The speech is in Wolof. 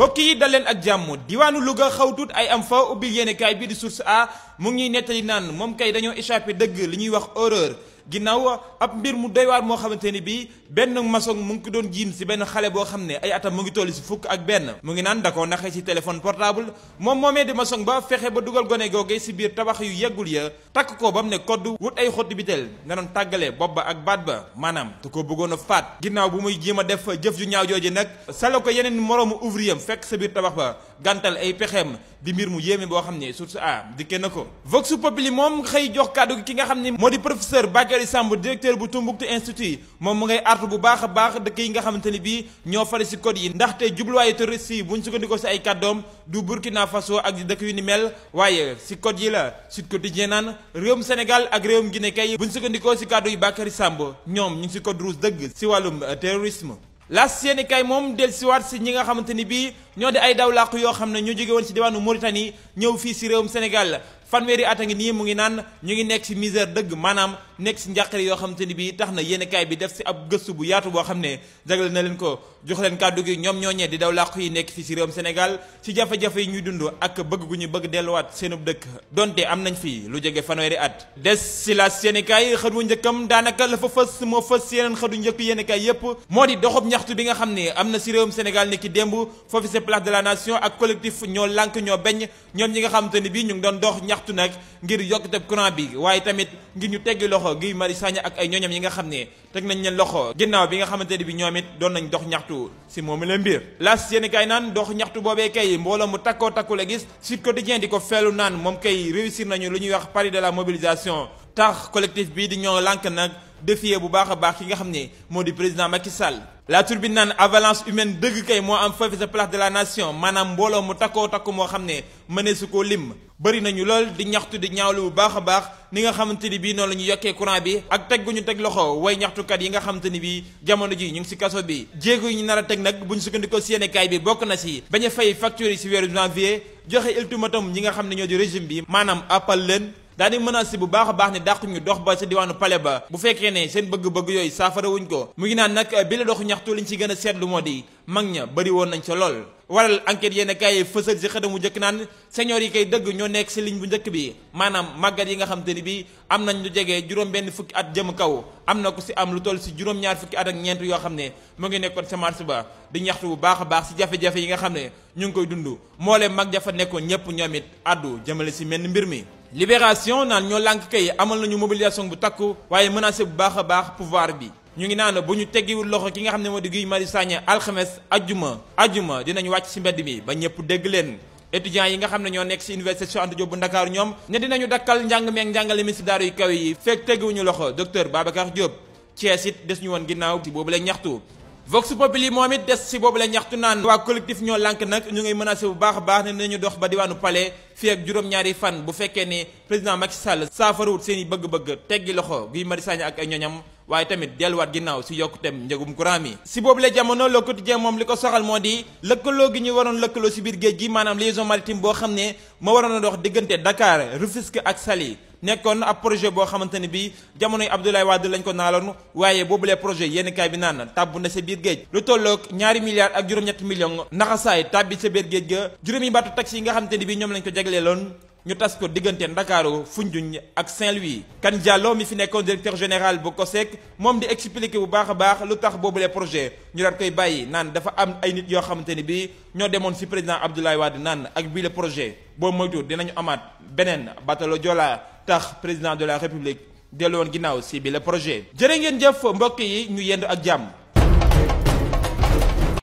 mbokk yi dal leen ak jàmm diwaanu Louga xaw tuut ay am fa ubbil yéenekaay bi di source a mu ngi ñuy nettali naan moom kay dañoo échappé dëgg li ñuy wax horreur ginnaaw ab mbir mu doy waar moo xamante ni bii benn maçon mu ngi ko doon jiin si benn xale boo xam ne ay atam mu ngi toll si fukk ak benn mu ngi naan da koo naxee si téléphone portable moom moomee di maçon ba fexe ba dugal gone googe si biir tabax yu yeggul ya takk ko ba mu ne kodd wut ay xotti biteel na doon tàggale bopp ba ak baat ba maanaam da koo bëggoon a faat ginnaaw bu muy jéem a def jëf ju ñaaw jooju nag sala ko yeneen moroomu ouvrier am fekk sa biir tabax ba gantal ay pexeem di mbir mu yéeme boo xam ne source a dikkee na ko vox populi moom xëy jox kàddu ki nga xam ne moo di professeur Bac Bakary Samb directeur bu Tumbuktu institut moom mu ngay artu bu baax baax dëkk yi nga xamante ni bii ñoo fare si code yi ndaxte jubluwaayu terroriste yi bu ñu sukkandikoo si ay kàddoom du Burkina Faso ak di dëkk yu ni mel waaye si code yi la Sud Quotidien naan réewum Sénégal ak réewum Guinée kay bu ñu sukkandikoo si kàddu yu Bakary Samb ñoom ñu ngi si code rouge dëgg si wàllum euh, terrorisme las yéeni kay moom del siwaat si ñi nga xamante ni bii ñoo di ay daw làqu yoo xam ne ñoo jóge woon si diwaanu Mauritanie ñëw fii si réewum Sénégal fanweeri at a ngi nii mu ngi naan ñu ngi nekk ci misère dëgg maanaam nekk ci njàqare yoo xam te ni bii tax na yéenekaay bi def ci ab gëstu bu yaatu boo xam ne jagleel na leen ko jox leen kàddu gi ñoom ñooñee di daw làqu yi nekk fii ci réewum Sénégal ci jafe-jafe yi ñuy dund ak bëgg gu ñu bëgg delluwaat seenub dëkk donte am nañ fii lu jege fanweeri at des ci laas yéenekaay xët wu njëkkam daanaka la fa fës moo fës yeneen xët wu njëkk yéenekaay yépp moo di doxub ñaxtu bi nga xam ne am na ci réewum Sénégal ni ki démb foofu ci place de la nation ak collectif ñoo lànk ñoo beñ ñoom ñi nga xam bii ñu ngi doon dox ñax ñaxtu nag ngir yokkuteb courant bi waaye tamit ngir ñu teggi loxo Guy Marius Sagna ak ay ñooñam yi nga xam ne teg nañ leen loxo ginnaaw bi nga xamante ne bi ñoom it doon nañ dox ñaxtu si moomu la mbir las yéen kay naan dox ñaxtu boobee kay mbooloo mu takkoo takku la gis ko Quotidien di ko feelu naan moom kay réussir nañu lu ñuy wax pari de la mobilisation tax collectif bii di ñoo lànk nag défier bu baax a baax ki nga xam ne moo di président Macky Sall. la turbine naan avalanche humaine dëgg kay moo am foofu sa place de la nation maanaam mbooloo mu takkoo takku moo xam ne mënee su ko lim. bëri nañu lool di ñaxtu di ñaawlu bu baax a baax ni nga xamante ni bii noonu la ñu yokkee courant bi ak teg teg loxo way ñaxtukat yi nga xamante ni bii jamono ji ñu ngi si kaso bi jéego yi ñu nar a teg nag bu ñu sukkandikoo si yéenekaay bi bokk na si bañ a fay facture yi si weeru janvier joxe ultimatum ñi nga xam ne ñoo di régime bi maanaam appal leen daal di menacé bu baax a baax ne dàq ñu dox ba sa diwaanu pale ba bu fekkee ne seen bëgg-bëgg yooyu saafara wuñ ko mu ngi naan nag bi la doxu ñaxtu liñ ci gën a seetlu moo di mag ña bëri woon nañ ca lool waral enquête yenn kaay yi fësal si njëkk naan seigneurs yi kay dëgg ñoo nekk si ligne bu njëkk bi maanaam màggat yi nga xam te ni am nañ lu jege juróom benn fukki at jëm kaw am na ko si am lu toll si juróom-ñaar fukki at ak ñeent yoo xam ne mu ngi nekkoon sa marché ba di ñaxtu bu baax a baax si jafe-jafe yi nga xam ne ñu ngi koy dund moo leen mag jafa nekkoon ñëpp ñoom it addu jëmale si menn mbir mi libération naan ñoo lànk kay amal nañu mobilisation bu takku waaye menacé bu baax a baax pouvoir bi ñu ngi naan bu ñu teggiwul loxo ki nga xam ne moo di Guy Marius Sagna alxames ajjuma ajjuma dinañ wàcc ci mbedd mi ba ñëpp dégg leen étudiants yi nga xam ne ñoo nekk ci université Cheikh Anta Diop bu Ndakaaru ñoom ne dinañu dakkal njàng meek njàngale mi ci daaru yu kaw yi fekk teggiwuñu loxo docteur Babacar Diop Thiès it des ñu woon ginnaaw ci boobu la ñaxtu Vox Populi moom it des si boobu la ñaxtu naan waa collectif ñoo lànk nag ñu ngay menacé bu baax a baax ne nañu dox ba diwaanu palais fii ak juróom-ñaari fan bu fekkee ne président Macky Sall saafarawut seen i bëgg-bëgg teggi loxo Guy Marius Sagna ak ay ñoñam waaye tamit delluwaat ginnaaw si yokkuteem njëgum courant mi si boobu la jamono Le moom li ko soxal moo di lëkkaloo gi ñu waroon lëkkaloo si biir géej gi maanaam liaison maritime boo xam ne moo waroon a dox diggante Dakar Rufisque ak Saly nekkoon ab projet boo xamante ne bii jamonoy Abdoulaye Wade lañ ko naaloon waaye boobulee projet yenn kaay bi naan na tàbb na sa biir géej lu tolloog ñaari milliards ak juróom-ñetti millions naxasaay tàbbi sa biir géej ga juróomi baatu taxi yi nga xamante ne bii ñoom lañ ko jagleeloon ñu tas ko diggante Ndakaaru Foundiougne ak Saint-Louis kan Diallo mi fi nekkoon directeur général bu seek moom di expliquer bu baax a baax lu tax boobule projet ñu daan koy bàyyi naan dafa am ay nit yoo xamante ni bii ñoo demoon ci président Abdoulaye Wade naan ak bii projet boo moytu dinañu amaat beneen batalo Joola tax président de la république delloon ginnaaw si bi le projet jërë ngeen jëf mbokk yi ñu yend ak jàmm